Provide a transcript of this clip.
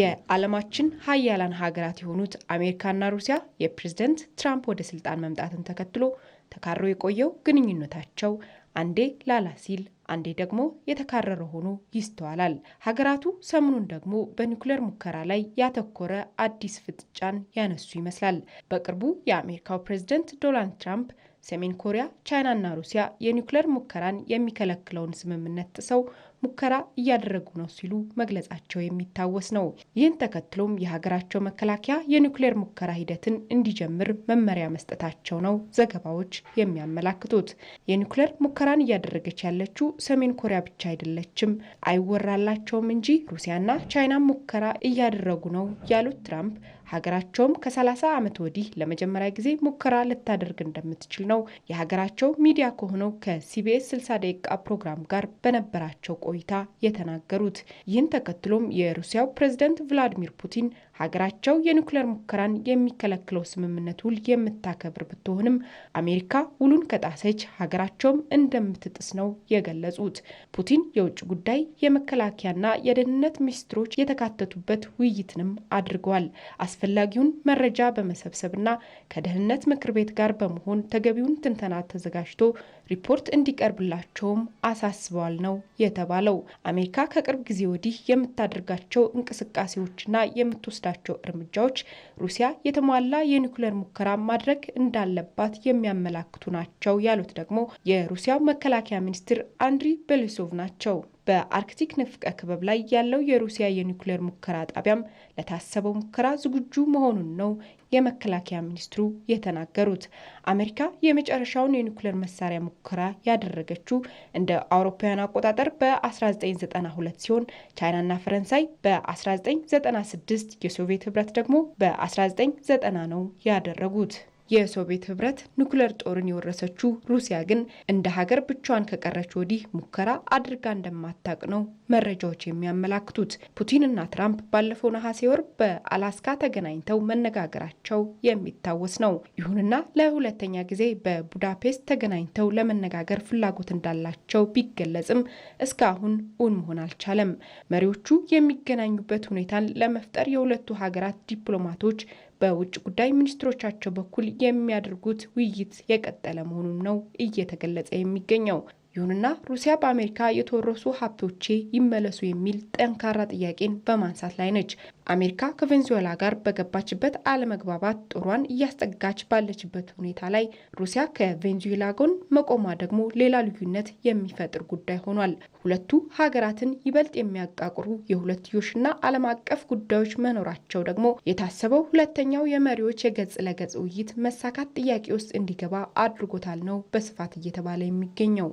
የዓለማችን ሀያላን ሀገራት የሆኑት አሜሪካና ሩሲያ የፕሬዝደንት ትራምፕ ወደ ስልጣን መምጣትን ተከትሎ ተካሮ የቆየው ግንኙነታቸው አንዴ ላላ ሲል አንዴ ደግሞ የተካረረ ሆኖ ይስተዋላል። ሀገራቱ ሰሞኑን ደግሞ በኒውክሌር ሙከራ ላይ ያተኮረ አዲስ ፍጥጫን ያነሱ ይመስላል። በቅርቡ የአሜሪካው ፕሬዝደንት ዶናልድ ትራምፕ ሰሜን ኮሪያ፣ ቻይናና ሩሲያ የኒውክሌር ሙከራን የሚከለክለውን ስምምነት ጥሰው ሙከራ እያደረጉ ነው ሲሉ መግለጻቸው የሚታወስ ነው። ይህን ተከትሎም የሀገራቸው መከላከያ የኒውክሌር ሙከራ ሂደትን እንዲጀምር መመሪያ መስጠታቸው ነው ዘገባዎች የሚያመላክቱት። የኒውክሌር ሙከራን እያደረገች ያለችው ሰሜን ኮሪያ ብቻ አይደለችም፣ አይወራላቸውም እንጂ ሩሲያና ቻይና ሙከራ እያደረጉ ነው ያሉት ትራምፕ ሀገራቸውም ከ30 ዓመት ወዲህ ለመጀመሪያ ጊዜ ሙከራ ልታደርግ እንደምትችል ነው የሀገራቸው ሚዲያ ከሆነው ከሲቢኤስ 60 ደቂቃ ፕሮግራም ጋር በነበራቸው ቆይታ የተናገሩት። ይህን ተከትሎም የሩሲያው ፕሬዝደንት ቭላዲሚር ፑቲን ሀገራቸው የኒውክሌር ሙከራን የሚከለክለው ስምምነት ውል የምታከብር ብትሆንም አሜሪካ ውሉን ከጣሰች ሀገራቸውም እንደምትጥስ ነው የገለጹት። ፑቲን የውጭ ጉዳይ፣ የመከላከያና የደህንነት ሚኒስትሮች የተካተቱበት ውይይትንም አድርገዋል። አስፈላጊውን መረጃ በመሰብሰብና ከደህንነት ምክር ቤት ጋር በመሆን ተገቢውን ትንተና ተዘጋጅቶ ሪፖርት እንዲቀርብላቸውም አሳስበዋል ነው የተባለ የተባለው። አሜሪካ ከቅርብ ጊዜ ወዲህ የምታደርጋቸው እንቅስቃሴዎችና የምትወስዳቸው እርምጃዎች ሩሲያ የተሟላ የኒውክሌር ሙከራ ማድረግ እንዳለባት የሚያመላክቱ ናቸው ያሉት ደግሞ የሩሲያው መከላከያ ሚኒስትር አንድሪ ቤሌሶቭ ናቸው። በአርክቲክ ንፍቀ ክበብ ላይ ያለው የሩሲያ የኒውክሌር ሙከራ ጣቢያም ለታሰበው ሙከራ ዝግጁ መሆኑን ነው የመከላከያ ሚኒስትሩ የተናገሩት። አሜሪካ የመጨረሻውን የኒውክሌር መሳሪያ ሙከራ ያደረገችው እንደ አውሮፓውያን አቆጣጠር በ1992 ሲሆን ቻይናና ፈረንሳይ በ1996፣ የሶቪየት ህብረት ደግሞ በ1990 ነው ያደረጉት። የሶቪየት ህብረት ኑክሌር ጦርን የወረሰችው ሩሲያ ግን እንደ ሀገር ብቻዋን ከቀረች ወዲህ ሙከራ አድርጋ እንደማታቅ ነው መረጃዎች የሚያመላክቱት። ፑቲንና ትራምፕ ባለፈው ነሐሴ ወር በአላስካ ተገናኝተው መነጋገራቸው የሚታወስ ነው። ይሁንና ለሁለተኛ ጊዜ በቡዳፔስት ተገናኝተው ለመነጋገር ፍላጎት እንዳላቸው ቢገለጽም እስካሁን እውን መሆን አልቻለም። መሪዎቹ የሚገናኙበት ሁኔታን ለመፍጠር የሁለቱ ሀገራት ዲፕሎማቶች በውጭ ጉዳይ ሚኒስትሮቻቸው በኩል የሚያደርጉት ውይይት የቀጠለ መሆኑን ነው እየተገለጸ የሚገኘው። ይሁንና ሩሲያ በአሜሪካ የተወረሱ ሀብቶቼ ይመለሱ የሚል ጠንካራ ጥያቄን በማንሳት ላይ ነች። አሜሪካ ከቬንዙዌላ ጋር በገባችበት አለመግባባት ጦሯን እያስጠጋች ባለችበት ሁኔታ ላይ ሩሲያ ከቬንዙዌላ ጎን መቆሟ ደግሞ ሌላ ልዩነት የሚፈጥር ጉዳይ ሆኗል። ሁለቱ ሀገራትን ይበልጥ የሚያቃቅሩ የሁለትዮሽና ዓለም አቀፍ ጉዳዮች መኖራቸው ደግሞ የታሰበው ሁለተኛው የመሪዎች የገጽ ለገጽ ውይይት መሳካት ጥያቄ ውስጥ እንዲገባ አድርጎታል ነው በስፋት እየተባለ የሚገኘው።